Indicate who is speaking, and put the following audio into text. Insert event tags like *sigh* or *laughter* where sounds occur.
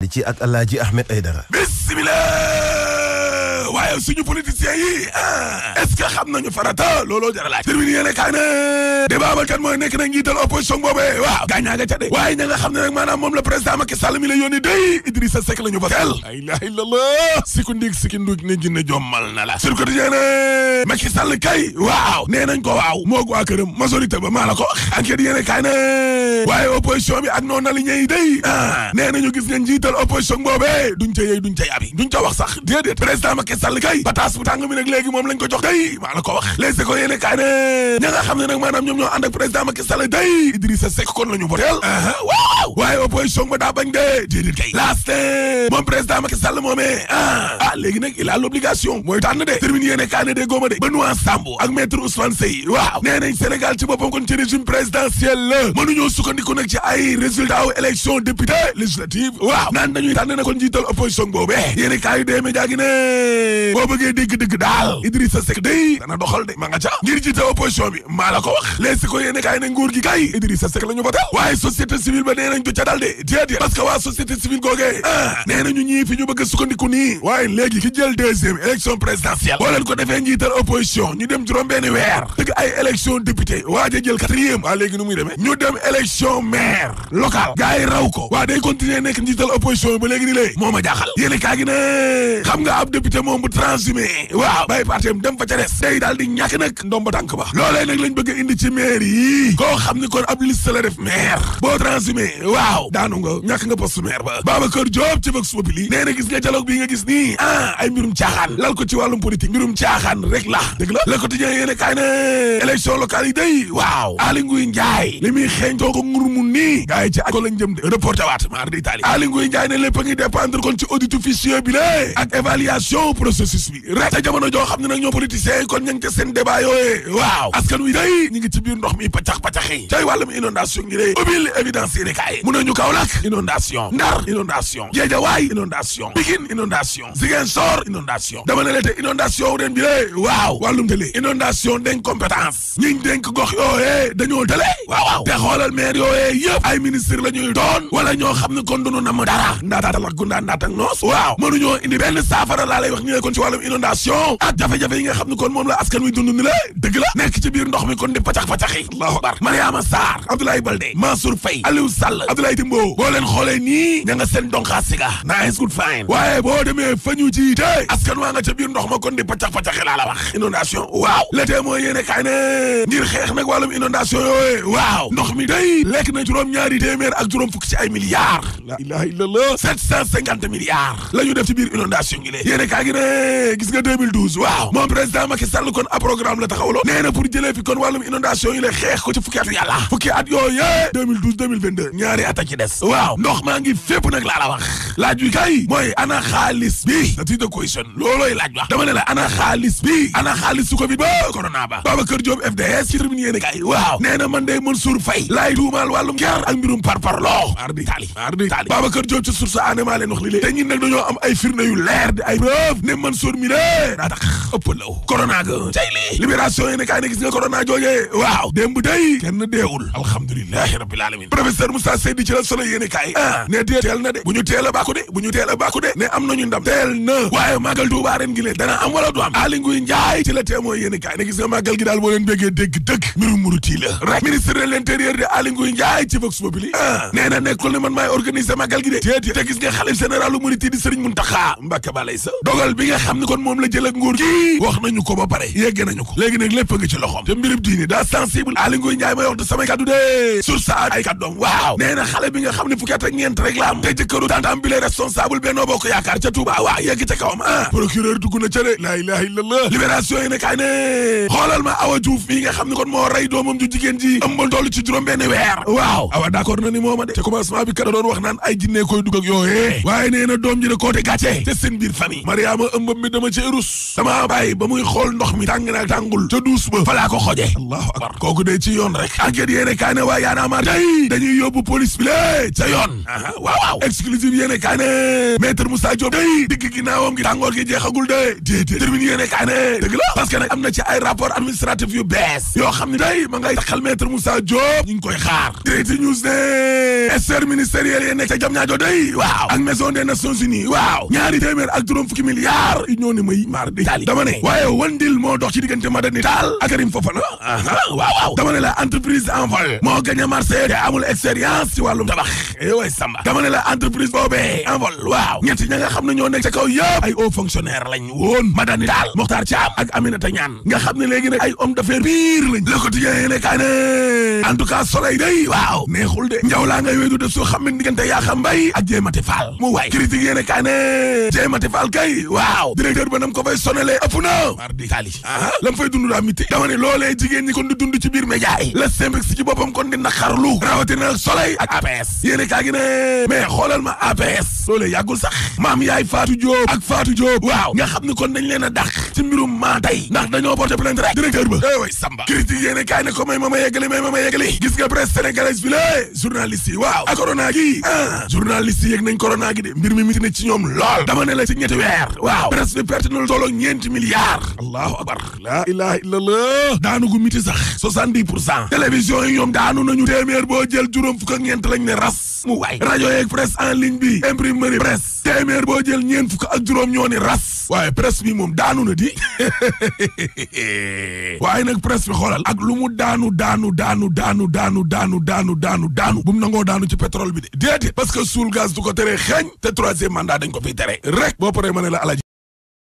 Speaker 1: di ci ak Alaaji Ahmed Aidara bismillah waaye suñu politiciens yi ah est-ce na xam farata looloo jar a laaj termine yéene kaay ne débat ba kan mooy nekk na njiital opposition boobee waaw gaa ñaa nga waaye ña nga xam ne nag maanaam moom la président Macky Sall mi la yónni day Idrissa Seck la ñu basel la ilaha illallah siku ndiig siki nduig ne jinne jommal na la sur quotidien ne Macky Sall kay waaw nee nañ ko waaw moog waa këram majorité ba maa la ko wax enquête yéene kaay ne waaye opposition bi ak noonu na li gis nga njiital opposition boobee duñ ca yey duñ ca yabi duñ ca wax sax déedéet président Sall kay bataas bu tàng bi nag léegi moom ko jox kay maa xam ne nag ñoo ànd ak président Macky Sall day Idrissa Seck kon la ñu ba daa bañ de déedéet kay laaste moom président Macky ah ah léegi nag il a l'obligation na tànn de termine yéene kaay ne de góoma de Benoît Sambou ak maître Ousmane Seye waaw nee Sénégal ci boppam kon ci régime présidentiel la mënuñoo sukkandiku nag ci ay résultat wu élection député législative waaw naan dañuy tànn na kon jiital opposition boobee yéene kaay dee média gi boo bëggee dégg dëgg daal a Seck day dana doxal de ma nga ngir jiite opposition bi maa ko wax leesi ko yéene kaay ne nguur gi kay Idrissa Seck la ñu votel waaye société civile ba nee nañ du ah, ñu bëgg sukkandiku nii waaye léegi ki jël deuxième élection présidentielle boo leen ko defee njiital opposition ñu dem juróom benn weer dëgg ay élection député waaja jël quatrième waa léegi nu muy demee ñu dem élection maire locale gars raw ko waa day continuer yomb transhumé waaw bàyyi partem dem fa ca des day daal di ñàkk nag ndomba tànk ba loolee nag lañ bëgg indi ci maire yi koo xam ni kon ab liste la def maire boo transhumé waaw daanu nga ñàkk nga poste maire ba ci Vox Populi nee na gis nga dialogue bi nga gis nii ah ay mbirum caaxaan lal ko ci wàllum politique mbirum caaxaan rek la dëgg la Le Quotidien yéene kaay ne élection yi day waaw Aly Ngouille li muy xeeñ too ko ngur mun nii ci ak ko lañ jëm de reporté a processus bi rek ca jamono joo xam ne nag ñoo politiciens yi kon ña ngi ca seen débat yooyee waaw askan wi day ñu ngi ci biir ndox mi paccax-paccax yi cay wàllum inondation ngi dee ubbil évidence yéene kaay mu nañu Kaolack inondation Ndar inondation Guédiawaye inondation Pikine inondation Ziguinchor inondation dama ne la te inondation den bi dee waaw wàllum télé inondation denk compétence ñiñ denk gox yooyee dañoo télé waaw waaw te xoolal la ñuy doon wala ñoo xam ne kon dunu nam dara ndaataatalak gundaa ndaatang indi benn ñëwee kon ci wàllum inondation ak jafe-jafe yi nga xam ne kon moom la askan wi dund ni la dëgg la nekk ci biir ndox mi kon di pacax-pacax allahu akbar Mariama Sarr Abdoulaye Baldé Mansour Faye Aliou Sall Abdoulaye Timbo boo leen xoolee nii ña nga seen donxaa siga nice good fine waaye boo demee fa ñu jiite askan waa nga ca biir ndox ma kon di pacax-pacaxi laa la wax inondation waaw le témoin yéene kaay ne ngir xeex nag wàllum inondation yooyu waaw ndox Eh, gis nga 2012 waaw moom président Macky Sall kon ab programme la taxawloo nee na pour jëlee fi a laaj wi kay mooy ana xaalis bi da ti de question loolooy laaj wax dama ne la ana man de Mansour Faye laay tuumaal wàllum ger ak mbirum parparloo ar di taali ar ci source ané maa leen wax te ñun nag dañoo am ay firnde yu leer ay preuve ne Mansour mi ne daa tax ëppalaw corona ga cay li libération yi ne kaay ne gis nga corona joojee waaw démb day kenn deewul alhamdulilahi rabbil alamin professeur Moussa Seydi ci la solo yéene kaay ah ne dee teel na de bu ñu teel a bàkku de bu ñu teel a de ne am nañu ndam teel na waaye màggal Tuubaa ren gi lee dana am wala du am Aly Ngouille Ndiaye ci la témoin yéene kaay ne gis nga màggal gi daal boo leen bëggee dégg dëgg mbiru muruti rek ministre de l'intérieur de Aly Ngouille Ndiaye ci bi nga xam ni kon moom la jël ak nguur gi wax nañu ko ba pare yegg nañu ko léegi nag lépp a ngi ci loxoom te mbirib diini daa sensible Aly Ngouille Ndiaye may wax samay kaddu dee sur sa ay kaddoom waaw nee na xale bi nga xam ne fukki at ak ñeent rek la am tantam bi lay responsable Benno Bokk Yaakaar ca Touba waaw yegg ca kawam ah procureur dugg na laa ilaha illallah libération kaay ne xoolal ma Awa Diouf mi nga xam ni kon moo rey ëmbam mi dama cee rus dama bàyyi ba muy xool ndox mi tàng na tàngul ca duus ba falaa ko xoje allahu akbar kooku de ci yoon rek enquête yéene kaay ne waa yaana maar day dañuy yóbbu police bi lé ca yoon aa waaw waaw exclusive yéene kaay ne maître Moussa Diop day digg ginnaawam gi tàngoor gi jeexagul de déedéet termine yéene kaay ne dëgg la parce que nag am na ci ay rapport administratif yu bees yoo xam ne day ma ngay taxal maître Moussa Diop ñu ngi koy xaar direct news ne sphère ministériel yee nekk ca jam ñaajo day waaw ak maison waaw ñaari téeméer ak juróom fukki milliards daar ñoo ne may waaye wandil moo dox ci diggante Madani Tall ak Karim Fofana ah, waaw waaw la entreprise en vol moo gagné marché te amul expérience ci wàllum tabax eh way Samba dama la entreprise boobee en vol waaw ñetti ña nga xam ne ñoo nekk ca kaw yëpp ay hauts fonctionnaires lañ woon Madani Tall Mokhtar Thiam ak Aminata Niane nga xam ne léegi nag ay homme d'affaires pire lañ le quotidien yéene kaa ne en tout cas soleil day waaw neexul de njaw laa ngay wéedu de soo xam ne diggante yaa xam mbay ak jéemati Fall mu waay waaw directeur ba nam ko fay sonale ëpp na mardi taali aa ah. la mu fay dund daa miti dama ne loolee jigéen ñi kon di dund ci biir média yi la simbiq si ci boppam kon di naqarlu rawatina soleil ak APS yéene kaa gi ne mais xoolal ma APS loolee yàggul sax maam yaay Fatou Diop ak Fatou Diop waaw nga xam ne kon dañ leen a dàq def ci mbirum maa ndax dañoo porté plainte rek ba ay eh way samba critique yéene ko may ma ma yeggali may ma ma yeggali gis nga presse sénégalaise bi la waaw a corona gi ah nañ corona de mbir mi miti ne ci ñoom lool dama la ci ñetti weer waaw presse bi perte na lu tolloo allahu akbar la ilaha daanu gu miti sax soixante-dix pour cent télévision yi ñoom daanu nañu téeméer boo jël juróom fukk ak ñeent ne ras mu di *laughs* waaye nag presse bi ak lu mu daanu daanu daanu daanu daanu daanu daanu daanu daanu bu mu nangoo daanu ci pétrole bi de déedéet parce que suul gaz du ko tere xeeñ te troisième mandat dañ ko fiy tere rek boo paree ma ne la alaji